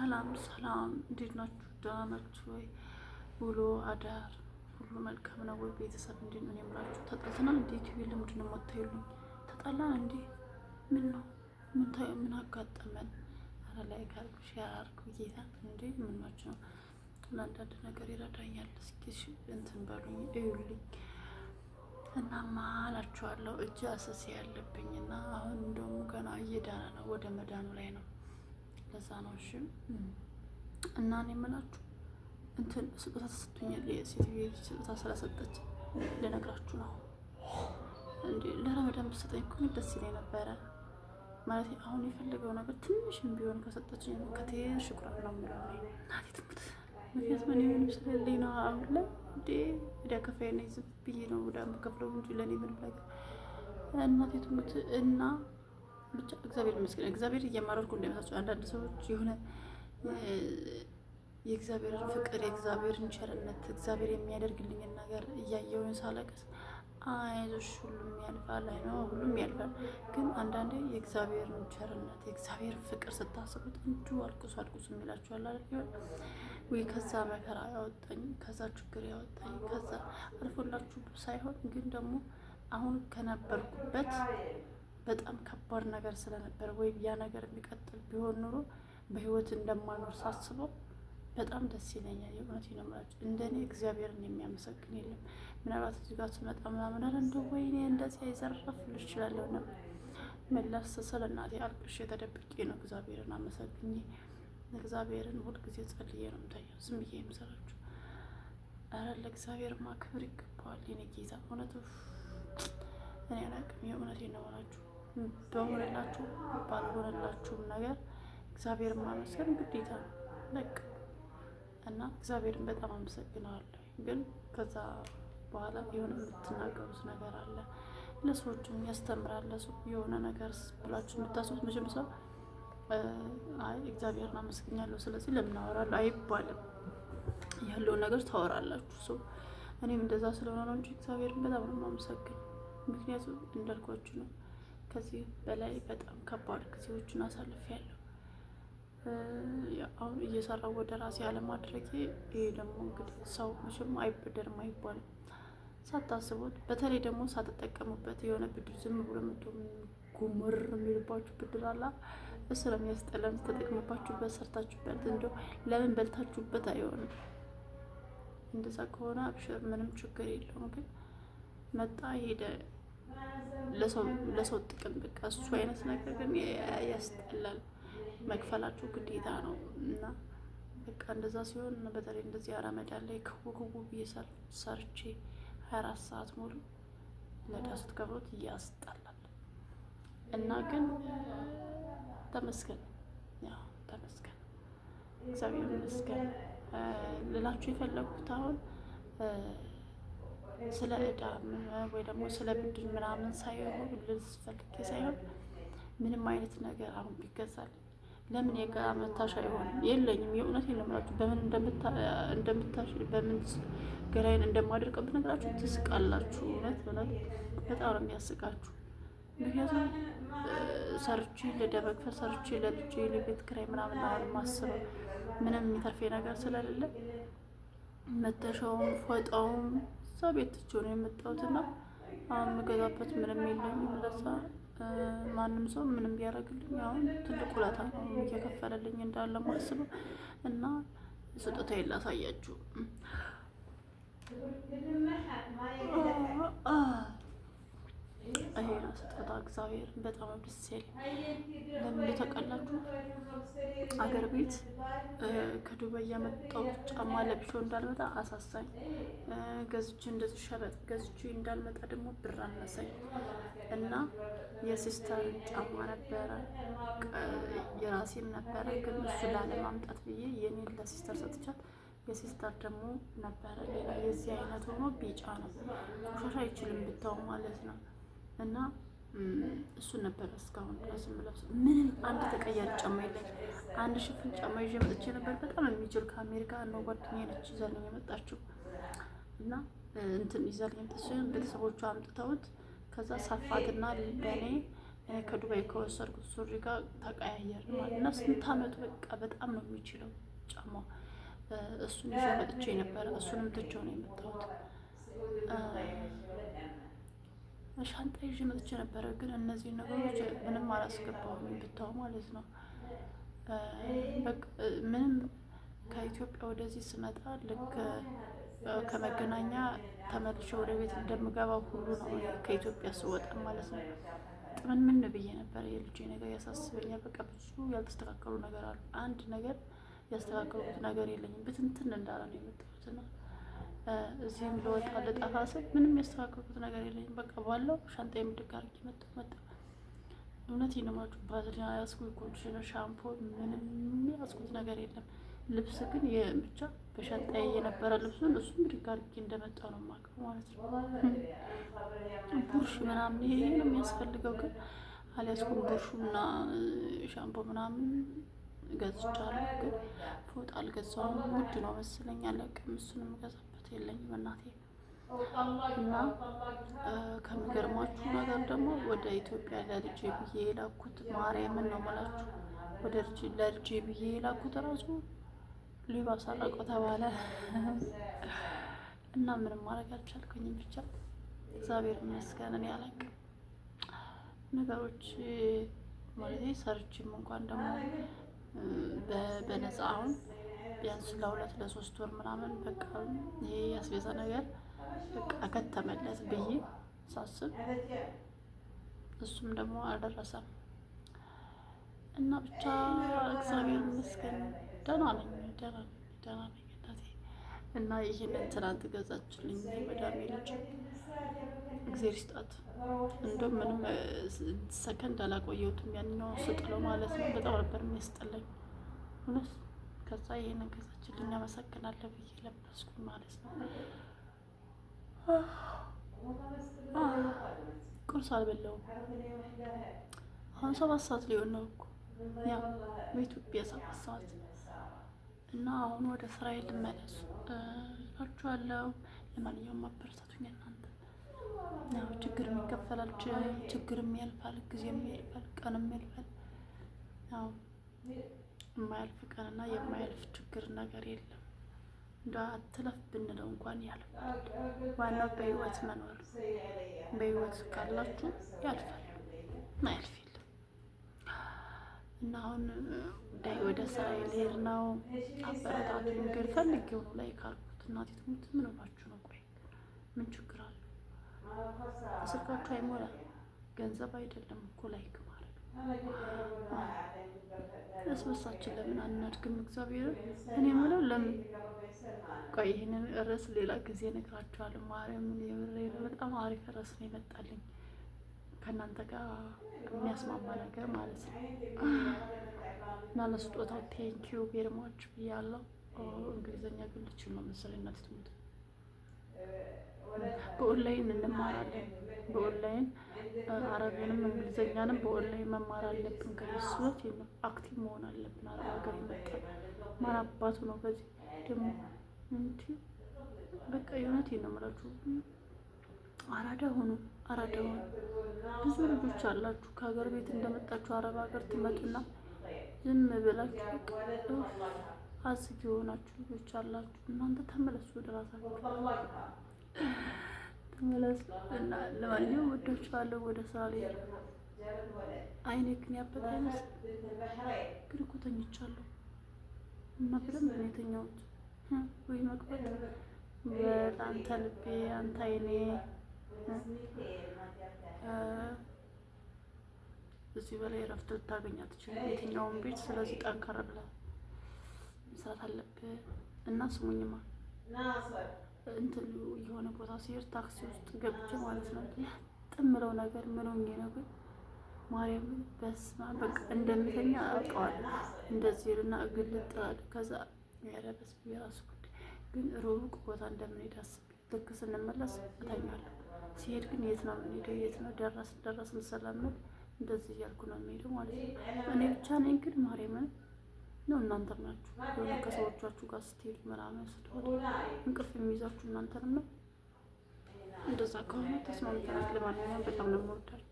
ሰላም ሰላም፣ እንዴት ናችሁ? ደህና ናችሁ ወይ? ውሎ አዳር ሁሉ መልካም ነው ወይ? ቤተሰብ እንዴት ነው የምላችሁ? ተጣልተናል እንዴ? ቲቪ ልምድ ነው የማታዩልኝ? ተጣላን እንዴ? ምን ነው ምን ታዩ? ምን አጋጠመን? አረ ላይ ጋር ሼር አድርጉ ጌታ እንዴ ምን ናችሁ ነው? አንዳንድ ነገር ይረዳኛል። እስኪ እንትን በሉኝ እዩልኝ። እናማ አላችኋለሁ እጅ አሰሴ ያለብኝና አሁን ደግሞ ገና እየዳነ ነው፣ ወደ መዳኑ ላይ ነው ለዛ ነው እሺ። እና እኔ የምላችሁ እንትን ስጦታ ተሰጥቶኛል። የሴትዮ ስጦታ ስለሰጠች ልነግራችሁ ነው። እንዴ ለረመዳን ብትሰጠኝ እኮ ደስ ይለኝ ነበረ። ማለት አሁን የፈለገው ነገር ትንሽም ቢሆን ከሰጠች ከቴን ሽኩራል ነው ምለው ናቴ ምክንያት ምን የሚሆን ስለሌለኝ ነው። አሁን ላይ እንዴ ወዲያ ከፋይ ነኝ ዝም ብዬ ነው ወዲያ መከፍለው እንጂ ለእኔ ምን ፋይዳ እናቴ ትሙት እና ብቻ እግዚአብሔር ይመስገን። እግዚአብሔር እየማረርኩ እንደሚመስላቸው አንዳንድ ሰዎች የሆነ የእግዚአብሔርን ፍቅር የእግዚአብሔርን ቸርነት እግዚአብሔር የሚያደርግልኝን ነገር እያየውን ሳለቅስ አይዞሽ ሁሉም ያልፋል፣ አይ ነው ሁሉም ያልፋል። ግን አንዳንዴ የእግዚአብሔርን ቸርነት የእግዚአብሔርን ፍቅር ስታስቡት እንዲሁ አልቅሱ አልቅሱ የሚላችኋል አይደል? ወይ ከዛ መከራ ያወጣኝ ከዛ ችግር ያወጣኝ ከዛ አልፎላችሁ ሳይሆን ግን ደግሞ አሁን ከነበርኩበት በጣም ከባድ ነገር ስለነበረ ወይም ያ ነገር የሚቀጥል ቢሆን ኑሮ በህይወት እንደማኖር ሳስበው በጣም ደስ ይለኛል። የእውነት ነው እንደኔ እግዚአብሔርን የሚያመሰግን የለም። ምናልባት እዚህ ጋር ስመጣ ምናምን አለ እንደ ወይኔ እንደዚህ አይዘረፍ ይችላለሁ ነበር መለስ ስለ እናቴ አልቅሼ ተደብቄ ነው እግዚአብሔርን አመሰግኜ እግዚአብሔርን ሁልጊዜ ጸልዬ ነው ምታየው ዝም ብዬ የምሰራችሁ ኧረ ለእግዚአብሔርማ ክብር ይገባዋል። የኔ ጌታ እውነት እኔ አላቅም። የእውነት ይነምራችሁ በሆነላችሁ ባልሆነላችሁም ነገር እግዚአብሔር ማመስገን ግዴታ ነው። በቃ እና እግዚአብሔርን በጣም አመሰግናለሁ። ግን ከዛ በኋላ የሆነ የምትናገሩት ነገር አለ፣ ለሰዎችም ያስተምራል። የሆነ ነገር ብላችሁ የምታስቡት መቼም ሰው አይ እግዚአብሔርን አመስግኛለሁ ስለዚህ ለምን አወራለሁ አይባልም። ያለውን ነገር ታወራላችሁ። ሰው እኔም እንደዛ ስለሆነ ነው እንጂ እግዚአብሔርን በጣም ነው የማመሰግነው። ምክንያቱም እንዳልኳችሁ ነው ከዚህ በላይ በጣም ከባድ ጊዜዎችን አሳልፌያለሁ። አሁን እየሰራው ወደ ራሴ አለማድረጌ ይሄ ደግሞ እንግዲህ ሰው መቼም አይበደርም አይባልም። ሳታስቡት በተለይ ደግሞ ሳትጠቀሙበት የሆነ ብድር ዝም ብሎ መቶ ጉምር የሚልባችሁ ብድር አላ እሱ ነው ተጠቅመባችሁበት ሰርታችሁበት እንዲ ለምን በልታችሁበት አይሆንም። እንደዛ ከሆነ አብሽር ምንም ችግር የለውም። ግን መጣ ሄደ ለሰው ጥቅም በቃ እሱ አይነት ነገር ግን ያስጠላል። መክፈላችሁ ግዴታ ነው እና በቃ እንደዛ ሲሆን በተለይ እንደዚህ አረመዳ ላይ ክቡ ክቡ ብዬ ሰርቼ ሀያ አራት ሰዓት ሙሉ ነዳ ስትከፍሉት ያስጠላል እና ግን ተመስገን ያው ተመስገን እግዚአብሔር ይመስገን ልላችሁ የፈለጉት አሁን ስለ እዳ ወይ ደግሞ ስለ ብድር ምናምን ሳይሆን ልብስ ፈልጌ ሳይሆን ምንም አይነት ነገር አሁን ቢገዛል ለምን የጋራ መታሻ አይሆንም? የለኝም። የእውነት የለምራችሁ በምን እንደምታሽ በምን ገላይን እንደማደርቅ ብነግራችሁ ትስቃላችሁ። እውነት በላት በጣም ነው የሚያስቃችሁ። ምክንያቱም ሰርቼ ለደመክፈል ሰርቼ ለልጄ ለቤት ኪራይ ምናምን አሁን ማስበው ምንም የሚተርፌ ነገር ስለሌለ መተሻውም ፎጣውም እዛ ቤት ትቼው ነው የመጣሁት እና አሁን የምገዛበት ምንም የለኝም። ለዛ ማንም ሰው ምንም ቢያደርግልኝ አሁን ትልቅ ውለታ ነው እየከፈለልኝ እንዳለ ማስበው እና ስጦታ የላሳያችሁ የሆነ ስጦታ እግዚአብሔር በጣም ደስ ይል። ለምን ተቀላችሁ? አገር ቤት ከዱባይ ያመጣው ጫማ ለብሾ እንዳልመጣ አሳሳኝ፣ ገዝቼ እንደዚህ ሸበጥ ገዝቼ እንዳልመጣ ደግሞ ብር አነሳኝ እና የሲስተር ጫማ ነበረ የራሴም ነበረ፣ ግን እሱ ላለማምጣት ብዬ የኔን ለሲስተር ሰጥቻት የሲስተር ደግሞ ነበረ ሌላ የዚህ አይነት ሆኖ ቢጫ ነው። ቆሻሻ አይችልም ብታው ማለት ነው። እና እሱን ነበር እስካሁን ድረስ የምለብሰው። ምንም አንድ ተቀያሪ ጫማ የለኝ። አንድ ሽፍን ጫማ ይዤ መጥቼ ነበር። በጣም የሚችል ከአሜሪካ ነው ጓደኛዬ ነች ይዛልኝ የመጣችው እና እንትን ይዛልኝ ተስን ቤተሰቦቹ አምጥተውት ከዛ ሳፋትና ልበኔ ከዱባይ ከወሰድኩት ሱሪ ጋር ተቀያየር ማለት እና ስንት አመቱ በቃ በጣም ነው የሚችለው ጫማ። እሱን ይዤ መጥቼ ነበረ። እሱንም ትቼው ነው የመጣሁት። ሻንጣ ይዤ መጥቼ ነበረ፣ ግን እነዚህ ነገሮች ምንም አላስገባሁም ብታው ማለት ነው። ምንም ከኢትዮጵያ ወደዚህ ስመጣ ልክ ከመገናኛ ተመልሼ ወደ ቤት እንደምገባው ሁሉ ነው ከኢትዮጵያ ስወጣ ማለት ነው። ጥምን ምን ብዬ ነበረ። የልጄ ነገር ያሳስበኛል። በቃ ብዙ ያልተስተካከሉ ነገር አሉ። አንድ ነገር ያስተካከሉት ነገር የለኝም። ብትንትን እንዳለ ነው የመጣሁት ነው እዚህም ልወጣ ልጠፋ ስል ምንም ያስተካከልኩት ነገር የለኝም። በቃ ባለው ሻንጣ የምድግ አድርጌ መጣሁ መጣሁ። እውነት ይነማችሁ ባዝሊን ያዝኩት፣ ኮንዲሽነር፣ ሻምፖ ምንም ያዝኩት ነገር የለም። ልብስ ግን ብቻ በሻንጣ የነበረ ልብሱን እሱ ምድግ አድርጌ እንደመጣሁ ነው የማውቀው ማለት ነው። ቡርሽ ምናምን ይሄ ነው የሚያስፈልገው፣ ግን አልያዝኩም። ቡርሹና ሻምፖ ምናምን ገዝቻለሁ፣ ግን ፎጣ አልገዛሁም። ውድ ነው መሰለኝ፣ አላውቅም። እሱንም ገዛ የለኝም እናቴ እና ከሚገርማችሁ ነገር ደግሞ ወደ ኢትዮጵያ ለልጄ ብዬ የላኩት ማርያምን ነው የምላችሁ። ወደ ለልጄ ብዬ የላኩት ራሱ ሌባ ሰረቀው ተባለ እና ምንም ማድረግ አልቻልኩኝም። ብቻ እግዚአብሔር ይመስገን። እኔ አላቅም ነገሮች ማለት ሰርችም እንኳን ደግሞ በነፃ አሁን ቢያንስ ለሁለት ለሶስት ወር ምናምን በቃ ይሄ ያስቤዛ ነገር በቃ ከተመለስ ብዬ ሳስብ እሱም ደግሞ አልደረሰም እና ብቻ እግዚአብሔር ይመስገን ደህና ነኝ፣ ደህና ነኝ፣ ደህና ነኝ ደህና ነኝ እና ይህንን ትናንት ገዛችልኝ መዳሜ ልጅ እግዜር ይስጣት። እንደውም ምንም ሰከንድ አላቆየሁትም። ያኛው ስጥለው ማለት ነው። በጣም ነበር የሚያስጠላኝ እውነት ከዛ ይህንን ገዛችን ልናመሰግናለን ብዬ ለበስኩ ማለት ነው። ቁርስ አልበላሁም። አሁን ሰባት ሰዓት ሊሆን ነው እኮ ያ በኢትዮጵያ ሰባት ሰዓት እና አሁን ወደ ስራዬ ልመለስ እላችኋለሁ። ለማንኛውም አበረታቱኝ እናንተ። ያው ችግርም ይከፈላል፣ ችግርም ያልፋል፣ ጊዜም ያልፋል፣ ቀንም ያልፋል። ያው የማያልፍ ቀንና የማያልፍ ችግር ነገር የለም። እንደ አትለፍ ብንለው እንኳን ያልፋል። ዋናው በህይወት መኖር። በህይወት ካላችሁ ያልፋል፣ ማያልፍ የለም። እና አሁን ዳይ ወደ ስራ ልሄድ ነው። አበረታቱ ንገር ፈልግ ነው ላይ ካልኩት እናቴ ትሙት ምን ሆናችሁ ነው? ቆይ ምን ችግር አለ? ስልካችሁ አይሞላ ገንዘብ አይደለም እኮ ላይክ እርስ ለምን አናድግም? እግዚአብሔር እኔ የምለው ለምን ቆይ፣ ይህንን ርዕስ ሌላ ጊዜ እነግራችኋለሁ። ማርያምን የምሬን በጣም አሪፍ ርዕስ ነው የመጣልኝ ከእናንተ ጋር የሚያስማማ ነገር ማለት ነው። እና ለስጦታው ቴንኪዩ ቤርማች ብያለው። እንግሊዝኛ ግን ልችል ነው መሰለኝ እናት ትምህርት በኦንላይን እንማራለን በኦንላይን አረብንም እንግሊዝኛንም በኦንላይን መማር አለብን። ከሱ አክቲቭ መሆን አለብን። አረብ ሀገር መጠን ማን አባቱ ነው። በዚህ ደግሞ ንቲ በቃ የእውነት ነው የምላችሁ፣ አራዳ ሆኑ፣ አራዳ ሆኑ። ብዙ ልጆች አላችሁ ከሀገር ቤት እንደመጣችሁ አረብ ሀገር ትመጡና ዝም ብላችሁ አስጊ የሆናችሁ ልጆች አላችሁ። እናንተ ተመለሱ ወደ ራሳችሁ። ማለት ነው። እና ለማንኛውም ወዳችኋለሁ። ወደ ስራ ላይ አይኔ ግን ያበጠ አይመስልም፣ ግን እኮ ተኝቻለሁ እና በደንብ ነው የተኛሁት። ወይ መግባት አንተ ልቤ፣ አንተ አይኔ እዚህ በላይ እረፍት ልታገኝ አትችልም የትኛውን ቤት። ስለዚህ ጠንከር ብለህ መስራት አለብህ እና ስሙኝማ እንትን የሆነ ቦታ ሲሄድ ታክሲ ውስጥ ገብቼ ማለት ነው ጥምለው ነገር ምንኛ ነገር ማርያም በስመ አብ በቃ እንደምተኛ አውቀዋለሁ። እንደዚህ ልና እግል አለ። ከዛ ያረበስ የራሱ ጉዳይ ግን ሩቅ ቦታ እንደምንሄድ አስቤ ልክ ስንመለስ እተኛለሁ። ሲሄድ ግን የት ነው የምንሄደው? የት ነው ደረስ ደረስን ሰላም እንደዚህ እያልኩ ነው የሚሄደው ማለት ነው። እኔ ብቻ ነኝ ግን ማርያምን ነው እናንተ ናችሁ። የሆነ ከሰዎቻችሁ ጋር ስትሄዱ ምናምን ስትወጡ እንቅልፍ የሚይዛችሁ እናንተ ነው። እንደዛ ከሆነ ተስማምተናል። ለማንኛውም በጣም ነው የምወዳችሁ።